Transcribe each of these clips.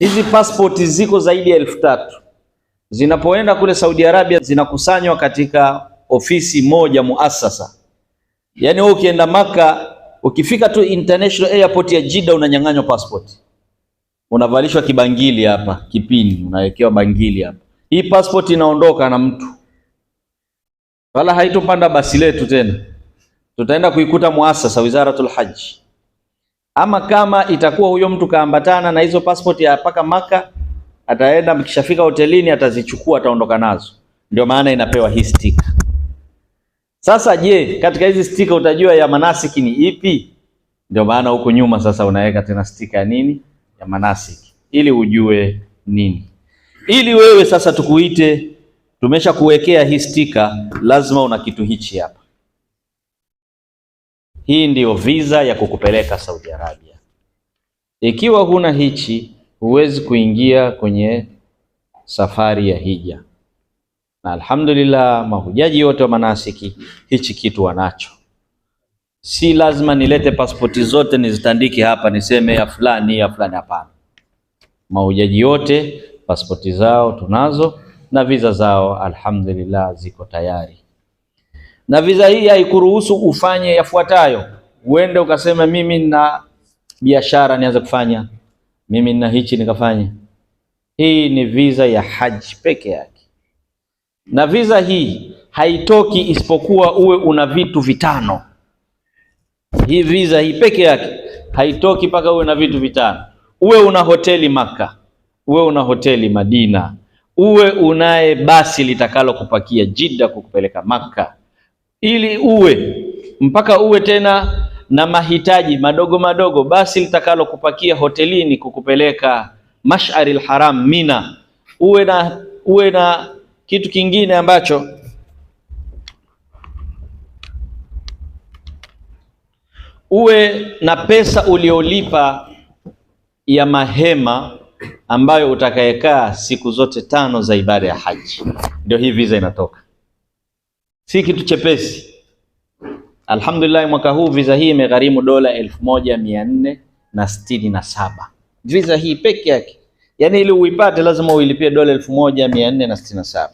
Hizi pasipoti ziko zaidi ya elfu tatu zinapoenda kule Saudi Arabia zinakusanywa katika ofisi moja muasasa. Yaani wewe ukienda Maka, ukifika tu international airport ya Jeddah unanyang'anywa passport, unavalishwa kibangili hapa kipini, unawekewa bangili hapa. Hii passport inaondoka na mtu, wala haitopanda basi letu tena, tutaenda kuikuta muasasa, Wizaratul Haji ama kama itakuwa huyo mtu kaambatana na hizo passport ya paka Maka, ataenda mkishafika hotelini atazichukua, ataondoka nazo. Ndio maana inapewa hii stika. Sasa je, katika hizi stika utajua ya manasiki ni ipi? Ndio maana huko nyuma sasa unaweka tena stika ya nini ya manasiki, ili ujue nini, ili wewe sasa tukuite, tumesha kuwekea hii stika, lazima una kitu hichi hapa. Hii ndiyo visa ya kukupeleka Saudi Arabia. Ikiwa huna hichi, huwezi kuingia kwenye safari ya hija. Na alhamdulillah, mahujaji wote wa manasiki hichi kitu wanacho. Si lazima nilete pasipoti zote nizitandike hapa niseme ya fulani ya fulani, hapana. Mahujaji wote pasipoti zao tunazo na visa zao alhamdulillah ziko tayari na viza hii haikuruhusu ufanye yafuatayo. Uende ukasema mimi na biashara nianze kufanya, mimi na hichi nikafanya. Hii ni viza ya haji peke yake, na viza hii haitoki isipokuwa uwe una vitu vitano. Hii viza hii peke yake haitoki mpaka uwe na vitu vitano: uwe una hoteli Maka, uwe una hoteli Madina, uwe unaye basi litakalo kupakia Jida kukupeleka Maka ili uwe mpaka uwe tena na mahitaji madogo madogo, basi litakalokupakia hotelini kukupeleka Mash'aril Haram Mina, uwe na uwe na kitu kingine ambacho uwe na pesa uliolipa ya mahema ambayo utakayekaa siku zote tano za ibada ya haji. Ndio hii visa inatoka si kitu chepesi. Alhamdulillah, mwaka huu visa hii imegharimu dola elfu moja mia nne na sitini na saba visa hii peke yake, yaani ili uipate lazima uilipie dola elfu moja mia nne na sitini na saba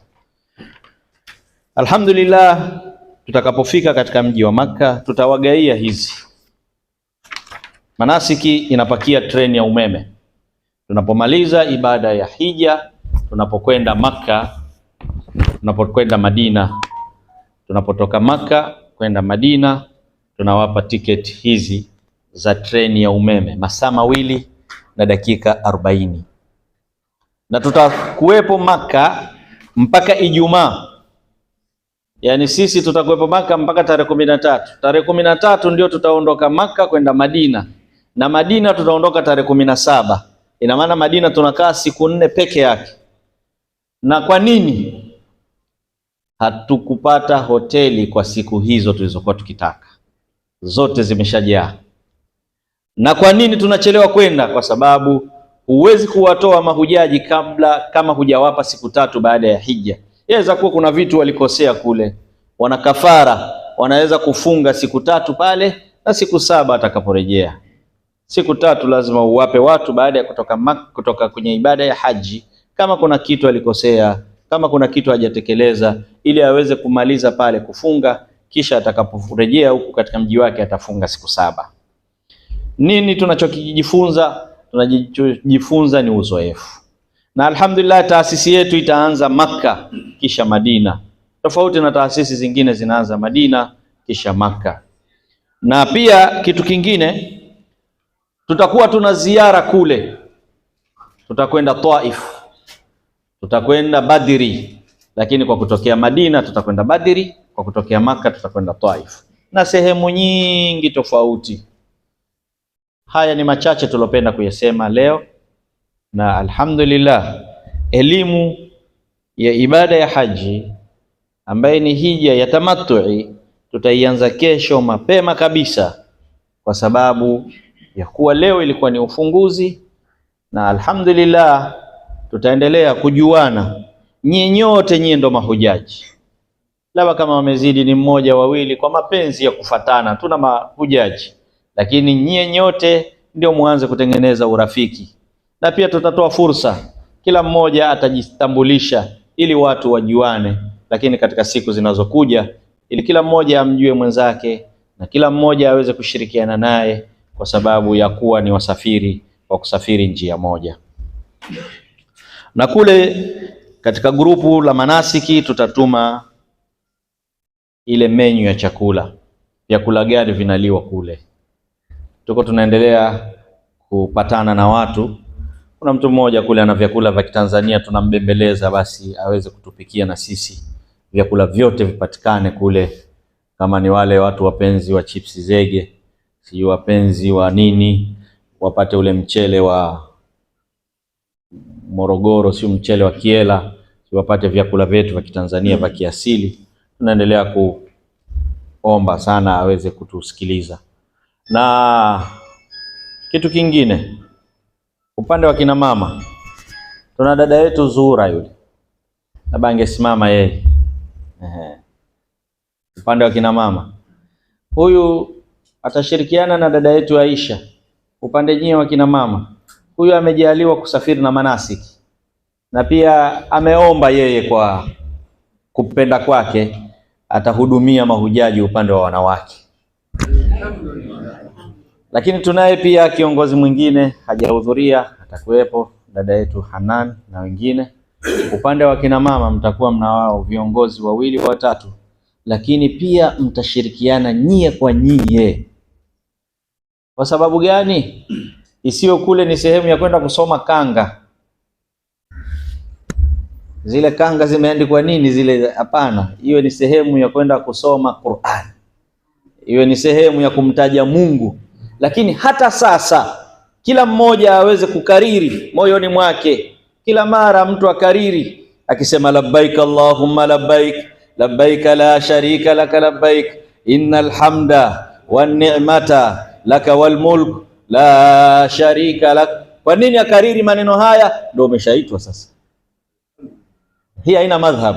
Alhamdulillah, tutakapofika katika mji wa Makka tutawagaia hizi manasiki. Inapakia treni ya umeme tunapomaliza ibada ya hija, tunapokwenda Makka, tunapokwenda Madina Tunapotoka Maka kwenda Madina, tunawapa tiketi hizi za treni ya umeme masaa mawili na dakika arobaini na tutakuwepo Maka mpaka Ijumaa. Yaani sisi tutakuwepo Maka mpaka tarehe kumi na tatu. Tarehe kumi na tatu ndio tutaondoka Maka kwenda Madina, na Madina tutaondoka tarehe kumi na saba. Ina maana Madina tunakaa siku nne peke yake. Na kwa nini? hatukupata hoteli kwa siku hizo tulizokuwa tukitaka, zote zimeshajaa. Na kwa nini tunachelewa kwenda? Kwa sababu huwezi kuwatoa mahujaji kabla kama hujawapa siku tatu baada ya hija. Yaweza kuwa kuna vitu walikosea kule, wana kafara, wanaweza kufunga siku tatu pale na siku saba atakaporejea. Siku tatu lazima uwape watu baada ya kutoka, kutoka kwenye ibada ya haji, kama kuna kitu alikosea kama kuna kitu hajatekeleza, ili aweze kumaliza pale kufunga, kisha atakaporejea huku katika mji wake atafunga siku saba. Nini tunachokijifunza? Tunajifunza ni uzoefu, na alhamdulillah taasisi yetu itaanza Makka kisha Madina, tofauti na taasisi zingine zinaanza Madina kisha Makka. Na pia kitu kingine tutakuwa tuna ziara kule, tutakwenda Taif tutakwenda Badri, lakini kwa kutokea Madina tutakwenda Badri, kwa kutokea Maka tutakwenda Taif na sehemu nyingi tofauti. Haya ni machache tulopenda kuyasema leo, na alhamdulillah, elimu ya ibada ya haji ambaye ni hija ya tamattu'i tutaianza kesho mapema kabisa, kwa sababu ya kuwa leo ilikuwa ni ufunguzi, na alhamdulillah tutaendelea kujuana, nyie nyote, nyie ndo mahujaji. Labda kama wamezidi ni mmoja wawili, kwa mapenzi ya kufatana, tuna mahujaji, lakini nyie nyote ndio mwanze kutengeneza urafiki, na pia tutatoa fursa, kila mmoja atajitambulisha ili watu wajuane, lakini katika siku zinazokuja, ili kila mmoja amjue mwenzake na kila mmoja aweze kushirikiana naye, kwa sababu ya kuwa ni wasafiri wa kusafiri njia moja na kule katika grupu la manasiki tutatuma ile menyu ya chakula, vyakula gani vinaliwa kule. Tuko tunaendelea kupatana na watu. Kuna mtu mmoja kule ana vyakula vya Kitanzania, tunambembeleza basi aweze kutupikia na sisi, vyakula vyote vipatikane kule, kama ni wale watu wapenzi wa chipsi zege, si wapenzi wa nini, wapate ule mchele wa Morogoro, sio mchele wa Kiela, siwapate vyakula vyetu vya Kitanzania vya kiasili. Tunaendelea kuomba sana aweze kutusikiliza. Na kitu kingine, upande wa kina mama tuna dada yetu zura yule, labda angesimama yeye. upande wa kina mama huyu atashirikiana na dada yetu Aisha upande nyie wa kina mama huyu amejaliwa kusafiri na manasiki na pia ameomba yeye kwa kupenda kwake atahudumia mahujaji upande wa wanawake. Lakini tunaye pia kiongozi mwingine hajahudhuria, atakuwepo dada yetu Hanan na wengine. Upande wa kina mama mtakuwa mna wao viongozi wawili watatu, lakini pia mtashirikiana nyie kwa nyie. Kwa sababu gani? isiyo kule ni sehemu ya kwenda kusoma kanga. Zile kanga zimeandikwa nini zile? Hapana, hiyo ni sehemu ya kwenda kusoma Qur'an, hiyo ni sehemu ya kumtaja Mungu. Lakini hata sasa kila mmoja aweze kukariri moyoni mwake, kila mara mtu akariri akisema labbaik allahumma labbaik labbaik la sharika laka labbaik innal hamda wan ni'mata laka wal mulk la sharika lak. Kwa nini akariri maneno haya? Ndio umeshaitwa sasa. Hii haina madhhab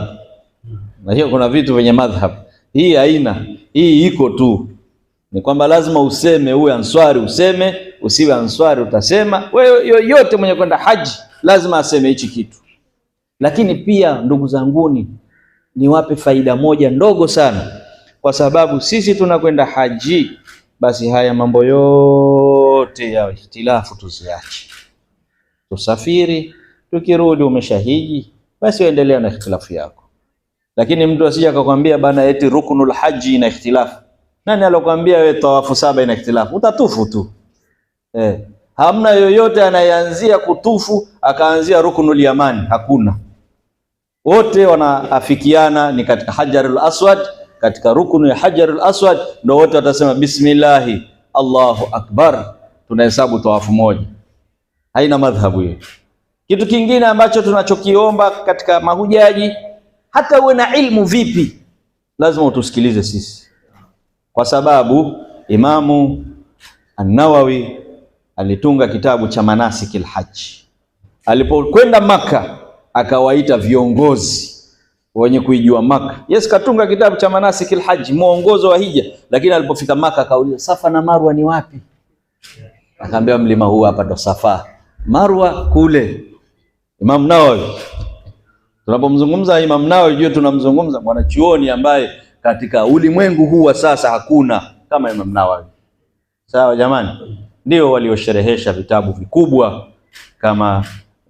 na hiyo kuna vitu vyenye madhhab Hii haina, hii iko tu, ni kwamba lazima useme, uwe answari useme, usiwe answari utasema. Wewe yoyote mwenye kwenda haji lazima aseme hichi kitu. Lakini pia ndugu zanguni, niwape faida moja ndogo sana, kwa sababu sisi tunakwenda haji, basi haya mambo yote yote ya ihtilafu tuziache, tusafiri, tukirudi umeshahiji, basi waendelea na ihtilafu yako. Lakini mtu asije akakwambia bana, eti ruknul haji ina ihtilafu. Nani alokwambia wewe tawafu saba ina ihtilafu? Utatufu tu eh. Hamna yoyote anayeanzia kutufu akaanzia ruknul yamani, hakuna. Wote wanaafikiana ni katika hajarul aswad, katika rukunu ya hajarul aswad, ndio wote watasema bismillahi Allahu akbar tunahesabu tawafu moja, haina madhhabu hiyo. Kitu kingine ambacho tunachokiomba katika mahujaji, hata uwe na ilmu vipi, lazima utusikilize sisi, kwa sababu Imamu An-Nawawi alitunga kitabu cha manasikil lhaji Alipokwenda Maka akawaita viongozi wenye kuijua Maka. Yes, katunga kitabu cha manasikil haji, mwongozo wa hija, lakini alipofika Maka akauliza Safa na Marwa ni wapi? akaambia mlima huu hapa ndo Safa, Marwa kule. Imam Nawawi, tunapomzungumza Imam Nawawi jue tunamzungumza mwanachuoni ambaye katika ulimwengu huu wa sasa hakuna kama Imam Nawawi. Sawa jamani, ndio waliosherehesha vitabu vikubwa kama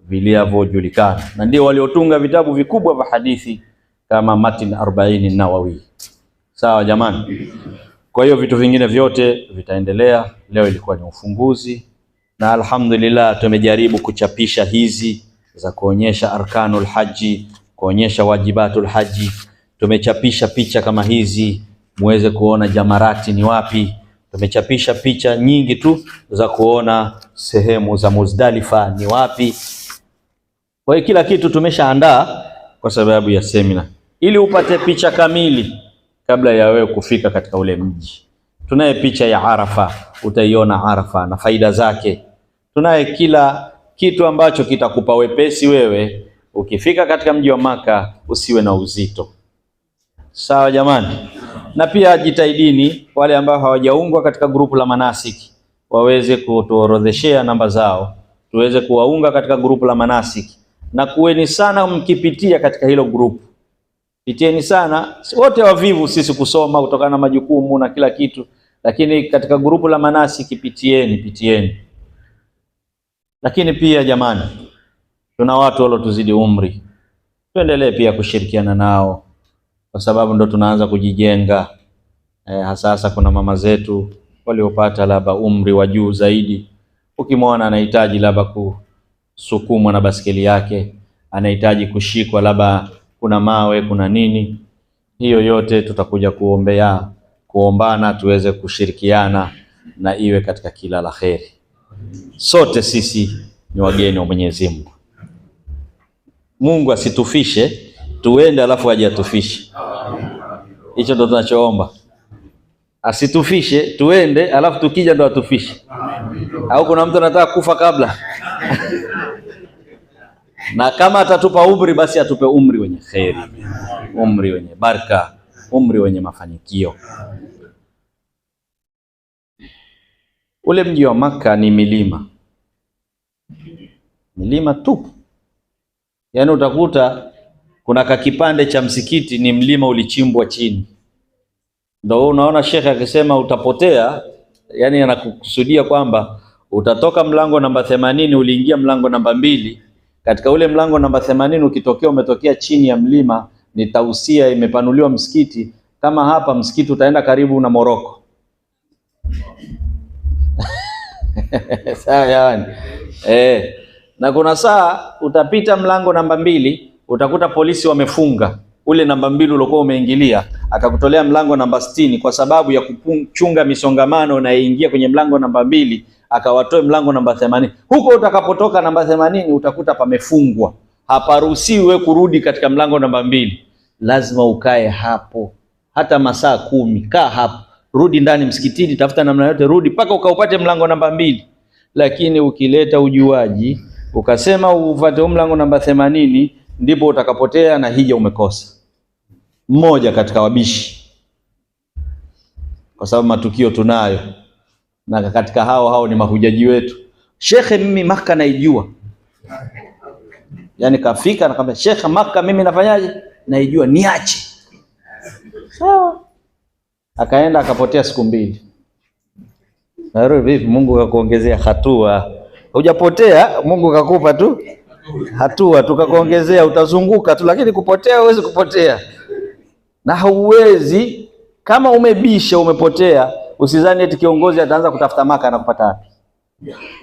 vilivyojulikana na ndio waliotunga vitabu vikubwa vya hadithi kama Matin 40 Nawawi. Sawa jamani. Kwa hiyo vitu vingine vyote vitaendelea. Leo ilikuwa ni ufunguzi, na alhamdulillah tumejaribu kuchapisha hizi za kuonyesha arkanul haji, kuonyesha wajibatul haji. Tumechapisha picha kama hizi muweze kuona jamarati ni wapi. Tumechapisha picha nyingi tu za kuona sehemu za Muzdalifa ni wapi. Kwa hiyo kila kitu tumeshaandaa kwa sababu ya semina, ili upate picha kamili kabla ya wewe kufika katika ule mji. Tunaye picha ya Arafa, utaiona Arafa na faida zake. Tunaye kila kitu ambacho kitakupa wepesi wewe ukifika katika mji wa Maka usiwe na uzito. Sawa jamani, na pia jitahidini wale ambao hawajaungwa katika grupu la manasiki waweze kutuorodheshea namba zao tuweze kuwaunga katika grupu la manasiki, na kuweni sana mkipitia katika hilo grupu Pitieni sana wote wavivu sisi kusoma kutokana na majukumu na kila kitu, lakini katika grupu la manasi kipitieni, pitieni. Lakini pia jamani, tuna watu walotuzidi umri, tuendelee pia kushirikiana nao kwa sababu ndo tunaanza kujijenga eh, hasahasa kuna mama zetu waliopata labda umri wa juu zaidi. Ukimwona anahitaji labda kusukumwa na basikeli yake, anahitaji kushikwa labda kuna mawe, kuna nini. Hiyo yote tutakuja kuombea, kuombana tuweze kushirikiana na iwe katika kila la kheri. Sote sisi ni wageni wa Mwenyezi Mungu. Mungu asitufishe tuende, alafu aje atufishe. Hicho ndo tunachoomba, asitufishe tuende, alafu tukija ndo atufishe. Au kuna mtu anataka kufa kabla na kama atatupa umri basi atupe umri wenye kheri, umri wenye baraka, umri wenye mafanikio. Ule mji wa maka ni milima, milima tu. Yaani utakuta kuna kakipande cha msikiti ni mlima ulichimbwa chini, ndo unaona shekhe akisema utapotea, yaani anakukusudia kwamba utatoka mlango namba themanini uliingia mlango namba mbili katika ule mlango namba themanini ukitokea umetokea chini ya mlima, ni tausia imepanuliwa msikiti. Kama hapa msikiti utaenda karibu na Moroko sawa jamani eh. Na kuna saa utapita mlango namba mbili utakuta polisi wamefunga ule namba mbili uliokuwa umeingilia, akakutolea mlango namba sitini kwa sababu ya kuchunga misongamano na ingia kwenye mlango namba mbili, akawatoe mlango namba themanini. Huko utakapotoka namba themanini utakuta pamefungwa, haparuhusiwi kurudi katika mlango namba mbili. Lazima ukae hapo hata masaa kumi. Kaa hapo, rudi ndani msikitini, tafuta namna yote, rudi mpaka ukaupate mlango namba mbili. Lakini ukileta ujuaji ukasema upate mlango namba themanini, ndipo utakapotea na hija umekosa mmoja katika wabishi, kwa sababu matukio tunayo, na katika hao hao ni mahujaji wetu. Shekhe, mimi Maka naijua, Yani kafika nakwambia, Shekhe, Maka mimi nafanyaje, naijua, niache sawa. Akaenda akapotea siku mbili. Naro vipi? Mungu kakuongezea hatua, hujapotea. Mungu kakupa tu hatua, tukakuongezea. Utazunguka tu, lakini kupotea huwezi kupotea na hauwezi kama umebisha umepotea, usizani eti kiongozi ataanza kutafuta maka kupata wapi.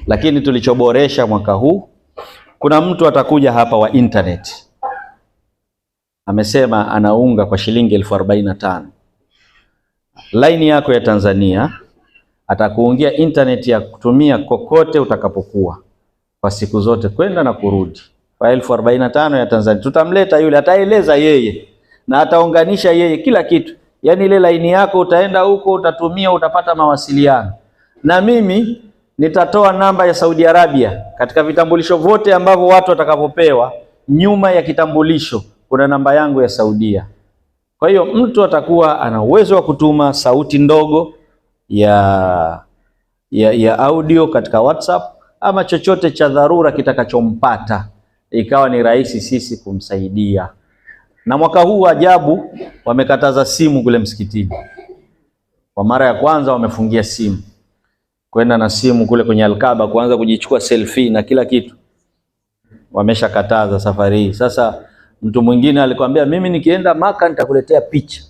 Lakini tulichoboresha mwaka huu, kuna mtu atakuja hapa wa internet amesema anaunga kwa shilingi elfu arobaini na tano laini yako ya Tanzania, atakuungia internet ya kutumia kokote utakapokuwa kwa siku zote kwenda na kurudi, kwa elfu arobaini na tano ya Tanzania. Tutamleta yule ataeleza yeye na ataunganisha yeye kila kitu, yaani ile laini yako utaenda huko utatumia, utapata mawasiliano. Na mimi nitatoa namba ya Saudi Arabia katika vitambulisho vyote ambavyo watu watakavyopewa, nyuma ya kitambulisho kuna namba yangu ya Saudia. Kwa hiyo mtu atakuwa ana uwezo wa kutuma sauti ndogo ya, ya, ya audio katika WhatsApp ama chochote cha dharura kitakachompata, ikawa ni rahisi sisi kumsaidia. Na mwaka huu ajabu, wamekataza simu kule msikitini. Kwa mara ya kwanza wamefungia simu, kwenda na simu kule kwenye Alkaba, kuanza kujichukua selfie na kila kitu, wameshakataza safari hii. Sasa mtu mwingine alikwambia, mimi nikienda Maka nitakuletea picha,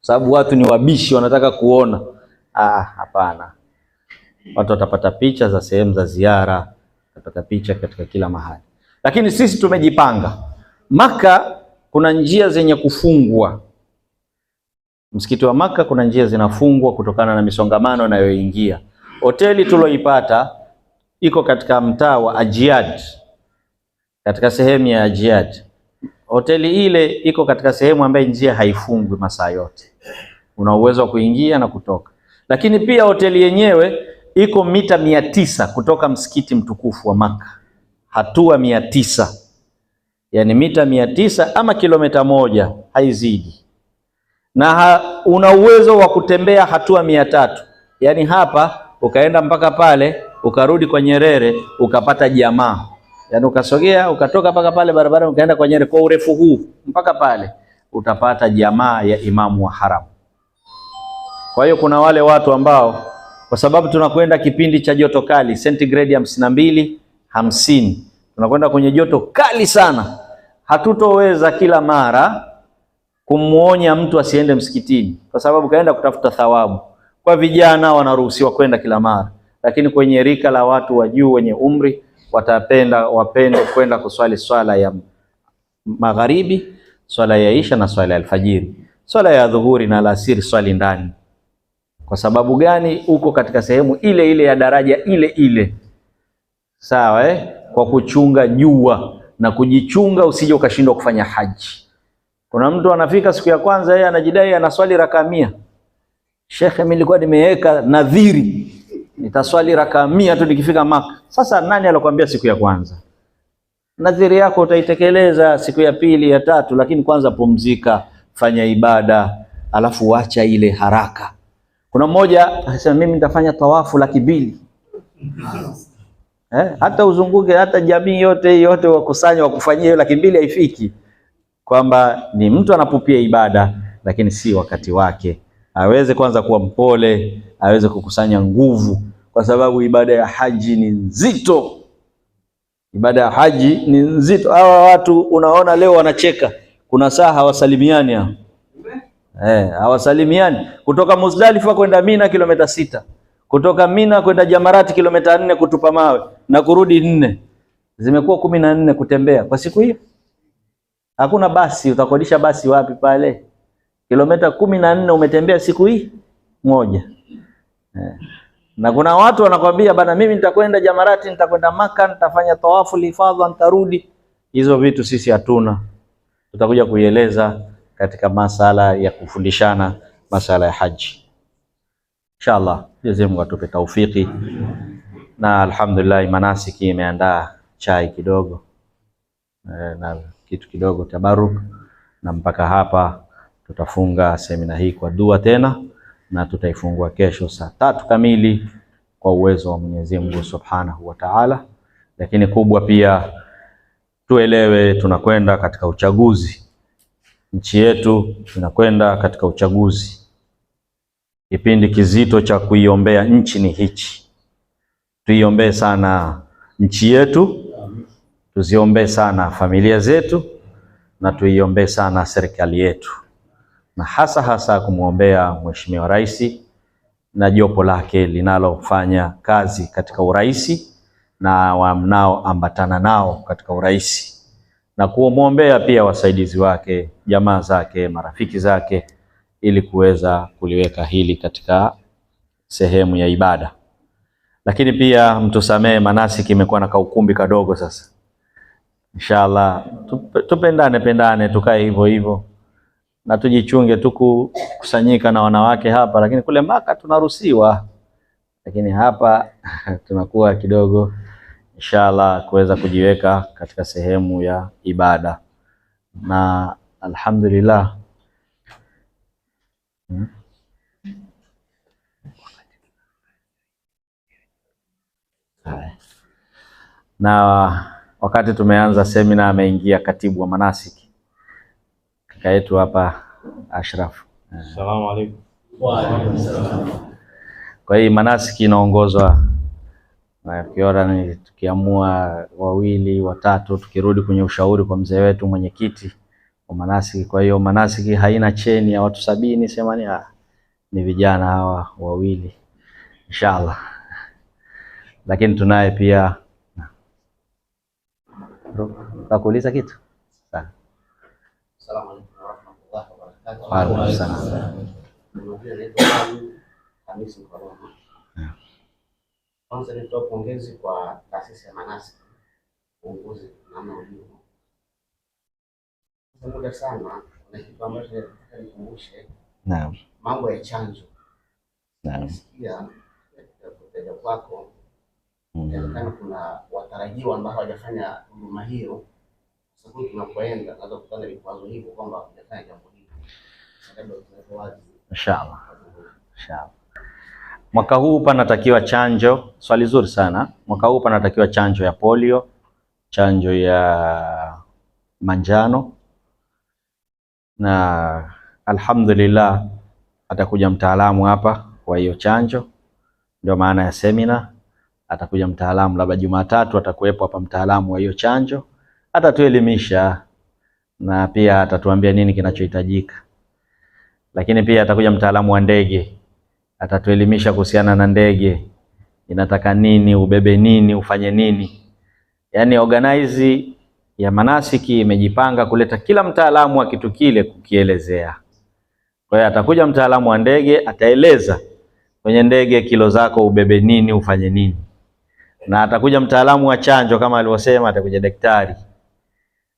sababu watu ni wabishi, wanataka kuona. Ah, hapana, watu watapata picha za sehemu za ziara, watapata picha katika kila mahali, lakini sisi tumejipanga Maka kuna njia zenye kufungwa. Msikiti wa Maka kuna njia zinafungwa kutokana na misongamano inayoingia. Hoteli tuloipata iko katika mtaa wa Ajiad, katika sehemu ya Ajiad. Hoteli ile iko katika sehemu ambayo njia haifungwi masaa yote, una uwezo wa kuingia na kutoka. Lakini pia hoteli yenyewe iko mita mia tisa kutoka msikiti mtukufu wa Maka, hatua mia tisa yani mita mia tisa ama kilomita moja haizidi, na ha, una uwezo wa kutembea hatua mia tatu yani hapa ukaenda mpaka pale ukarudi kwa Nyerere ukapata jamaa, yani ukasogea ukatoka mpaka pale barabara ukaenda kwa Nyerere kwa urefu huu mpaka pale utapata jamaa ya imamu wa haram. Kwa hiyo kuna wale watu ambao kwa sababu tunakwenda kipindi cha joto kali sentigredi hamsini na mbili hamsini tunakwenda kwenye joto kali sana. Hatutoweza kila mara kumwonya mtu asiende msikitini, kwa sababu kaenda kutafuta thawabu. Kwa vijana wanaruhusiwa kwenda kila mara, lakini kwenye rika la watu wa juu wenye umri watapenda wapende kwenda kuswali swala ya magharibi, swala ya isha na swala ya alfajiri. Swala ya dhuhuri na alasiri swali ndani. Kwa sababu gani? Uko katika sehemu ile ile ya daraja ile ile, sawa eh? kwa kuchunga jua na kujichunga usije ukashindwa kufanya haji. Kuna mtu anafika siku ya kwanza, yeye anajidai anaswali raka mia. Shekhe, mimi nilikuwa nimeweka nadhiri nitaswali raka mia tu nikifika Maka. Sasa nani alokuambia siku ya kwanza? Nadhiri yako utaitekeleza siku ya pili, ya tatu, lakini kwanza pumzika, fanya ibada, alafu wacha ile haraka. Kuna mmoja anasema mimi nitafanya tawafu laki mbili Eh, hata uzunguke hata jamii yote yote wakusanya wakufanyia laki mbili haifiki, kwamba ni mtu anapupia ibada, lakini si wakati wake. Aweze kwanza kuwa mpole, aweze kukusanya nguvu, kwa sababu ibada ya haji ni nzito. Ibada ya haji ni nzito. Hawa watu unaona leo wanacheka, kuna saa hawasalimiani hao, eh, hawasalimiani kutoka Muzdalifa kwenda Mina kilomita sita kutoka Mina kwenda Jamarati kilomita nne kutupa mawe na kurudi nne, zimekuwa kumi na nne kutembea kwa siku hiyo. Hakuna basi, utakodisha basi wapi pale? Kilomita kumi na nne umetembea siku hii moja eh. Na kuna watu wanakwambia bana, mimi nitakwenda Jamarati, nitakwenda Maka, nitafanya tawafu lifadha, nitarudi. Hizo vitu sisi hatuna, tutakuja kuieleza katika masala ya kufundishana masala ya haji. Inshallah Mwenyezi Mungu atupe taufiki, na alhamdulillah manasiki imeandaa chai kidogo eh, na kitu kidogo tabaruk, na mpaka hapa tutafunga semina hii kwa dua tena, na tutaifungua kesho saa tatu kamili kwa uwezo wa Mwenyezi Mungu Subhanahu wa Ta'ala. Lakini kubwa pia tuelewe, tunakwenda katika uchaguzi, nchi yetu inakwenda katika uchaguzi. Kipindi kizito cha kuiombea nchi ni hichi. Tuiombee sana nchi yetu, tuziombee sana familia zetu, na tuiombee sana serikali yetu, na hasa hasa kumwombea Mheshimiwa Rais na jopo lake linalofanya kazi katika urais na wanaoambatana nao katika urais, na kumwombea pia wasaidizi wake, jamaa zake, marafiki zake ili kuweza kuliweka hili katika sehemu ya ibada. Lakini pia mtusamee, manasi kimekuwa na kaukumbi kadogo sasa. Inshallah tupendane pendane, tukae hivyo hivyo na tujichunge, tukukusanyika na wanawake hapa, lakini kule Maka tunaruhusiwa, lakini hapa tunakuwa kidogo, inshallah kuweza kujiweka katika sehemu ya ibada na alhamdulillah Hmm? Na wakati tumeanza semina ameingia katibu wa manasiki kaka yetu hapa Ashraf. alaykum. Wa alaykum Kwa hii manasiki inaongozwa kiora, ni tukiamua wawili watatu, tukirudi kwenye ushauri kwa mzee wetu mwenyekiti manasiki. Kwa hiyo manasiki haina cheni ya watu sabini semani, ah, ni vijana hawa wawili inshallah. Lakini tunaye pia takuuliza kitu Kwanza nitoa pongezi kwa taasisi ya Manasiki uongozi namna ulivyo muda sana na kitu ambacho nataka nikumbushe naam, mambo ya chanjo. Naam, sikia kuteja kwako mm-hmm. inawezekana kuna watarajiwa ambao hawajafanya huduma hiyo. Sasa tunapoenda naweza kukutana vikwazo hivyo kwamba hawajafanya jambo hili, labda tunaweka wazi inshallah. Inshallah, mwaka huu panatakiwa chanjo. Swali zuri sana. Mwaka huu panatakiwa chanjo ya polio, chanjo ya manjano na alhamdulillah atakuja mtaalamu hapa kwa hiyo chanjo, ndio maana ya semina. Atakuja mtaalamu, labda Jumatatu atakuwepo hapa mtaalamu wa hiyo chanjo, atatuelimisha na pia atatuambia nini kinachohitajika. Lakini pia atakuja mtaalamu wa ndege, atatuelimisha kuhusiana na ndege inataka nini, ubebe nini, ufanye nini, yani organize ya manasiki imejipanga kuleta kila mtaalamu wa kitu kile kukielezea. Kwa hiyo atakuja mtaalamu wa ndege, ataeleza kwenye ndege kilo zako ubebe nini, ufanye nini, na atakuja mtaalamu wa chanjo kama alivyosema, atakuja daktari,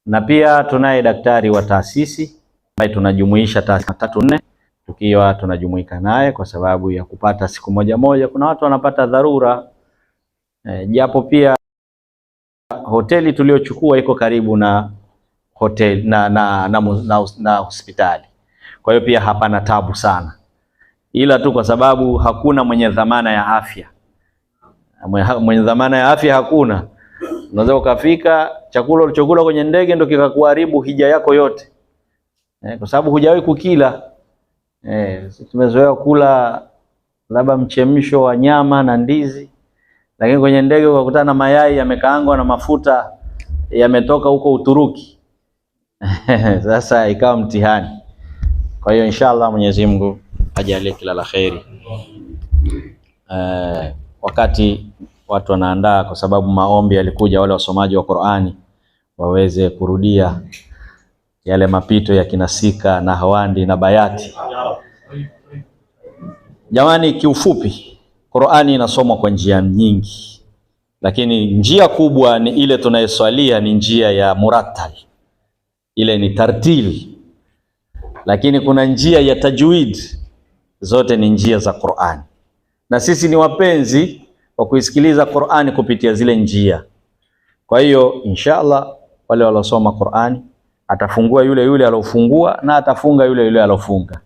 na pia tunaye daktari wa taasisi ambaye tunajumuisha taasisi tatu nne, tukiwa tunajumuika naye kwa sababu ya kupata siku moja moja. Kuna watu wanapata dharura e, japo pia hoteli tuliochukua iko karibu na hotel na, na, na, na, na, na hospitali, kwa hiyo pia hapana tabu sana, ila tu kwa sababu hakuna mwenye dhamana ya afya. Mwenye dhamana ya afya hakuna. Unaweza ukafika chakula ulichokula kwenye ndege ndio kikakuharibu hija yako yote eh, kwa sababu hujawahi kukila eh, tumezoea kula labda mchemsho wa nyama na ndizi lakini kwenye ndege ukakutana na mayai yamekaangwa na mafuta yametoka huko Uturuki. Sasa ikawa mtihani. Kwa hiyo inshallah Mwenyezi Mungu ajalie kila la kheri. Eh, wakati watu wanaandaa, kwa sababu maombi yalikuja, wale wasomaji wa Qur'ani waweze kurudia yale mapito ya kinasika na hawandi na bayati. Jamani, kiufupi Qur'ani inasomwa kwa njia nyingi, lakini njia kubwa ni ile tunayeswalia ni njia ya murattal, ile ni tartil, lakini kuna njia ya tajwid. Zote ni njia za Qur'ani, na sisi ni wapenzi wa kuisikiliza Qur'ani kupitia zile njia. Kwa hiyo inshallah, wale waliosoma Qur'ani atafungua yule yule alofungua na atafunga yule yule alofunga.